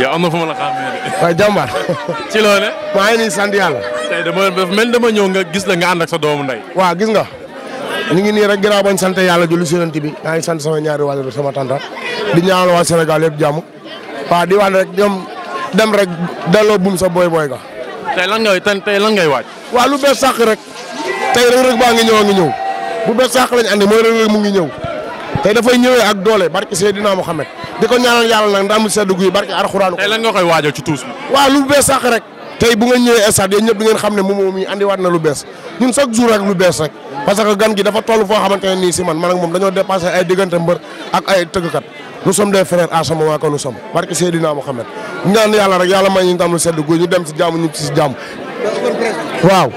yow am na fu ma la xàmmee de. waaw jàmbaar. ci loole maa ngi nii sant yàlla. tey dama mel dama ñëw nga gis la nga ànd ak sa doomu ndey. waaw gis nga. ñu ngi nii rek gannaaw bañ sant yàlla julli si bi maa ngi sant sama ñaari waajur sama tanta di ñaanal waa Sénégal yëpp jàmm waaw di wax rek ñoom dem rek delloo buum sa booy booy ga. tey lan ngay waaj. waaw lu bees sàq rek tey rek baa ngi ñëw a ngi ñëw bu bees sàq lañ andi mooy rek rek mu ngi ñëw tey dafay ñëwee ak doole barke Seydina Mohamed di ko ñaanal yàlla nag ndam sedd guy barke Alxuraan. tey lan nga waaw lu bees sax rek. tey bu nga ñëwee stade yéen ñëpp di ngeen xam ne moom moom yi andiwaat na lu bees ñun chaque jour rek lu gi dafa toll foo xamante ne nii si man man ak moom dañoo dépassé ay diggante mbër ak ay tëggkat nous sommes des frères à ce moment que nous sommes barke Seydina Mohamed ñaan yàlla rek yàlla may ñu ndam lu sedd guy ñu dem si jàmm ñu si jàmm waaw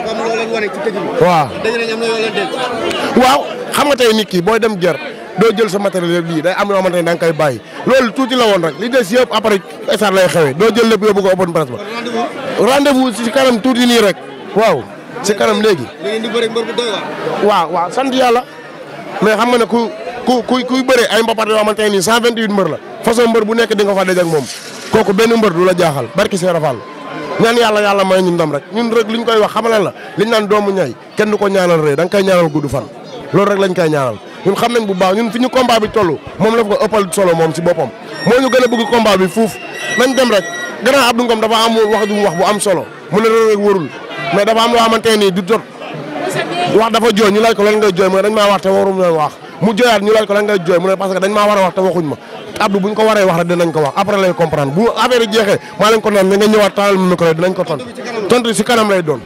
waaw xam nga tey nit ki booy dem guerre doo jël sa matériel yëpp lii day am loo xamante ne da nga bàyyi loolu tuuti la woon rek li des yëpp après stade lay xewee doo jël lépp yóbbu ko open presse ba. rendez si kanam tuuti nii rek waaw si kanam léegi. waaw waaw sant yàlla mais xam nga ne ku ku ku kuy bëre ay mbapat yoo xamante ne nii 128 mbër la façon mbër bu nekk di nga fa daj ak moom kooku benn mbër du la jaaxal barki Seera Fall ñaan yàlla yàlla may ñu ndam rek ñun rek ñu koy wax xamal la liñ naan doomu ñay kenn ko ñaanal rëy da nga koy ñaanal fan loolu rek lañ koy ñaanal ñun xam nañ bu baax ñun fi ñu combat bi toll moom la fa ko ëppal solo moom si boppam moo ñu gën a bëgg combat bi fuuf nañ dem rek grand Abdou Ngom dafa am wax du wax bu am solo mu ne Reug Reug warul mais dafa am loo xamante nii du jot wax dafa jooy ñu laaj ko lan ngay jooy mu ne dañ maa wax te warum leen wax mu jooyaat ñu laaj ko lan ngay jooy mu ne parce que dañ maa war a wax te waxuñ ma Abdou buñ ko waree wax rek dinañ ko wax après lay comprendre bu affaire yi jeexee maa leen ko naan nga ñëwaat taalal micro dinañ ko tontu tontu si kanam lay doon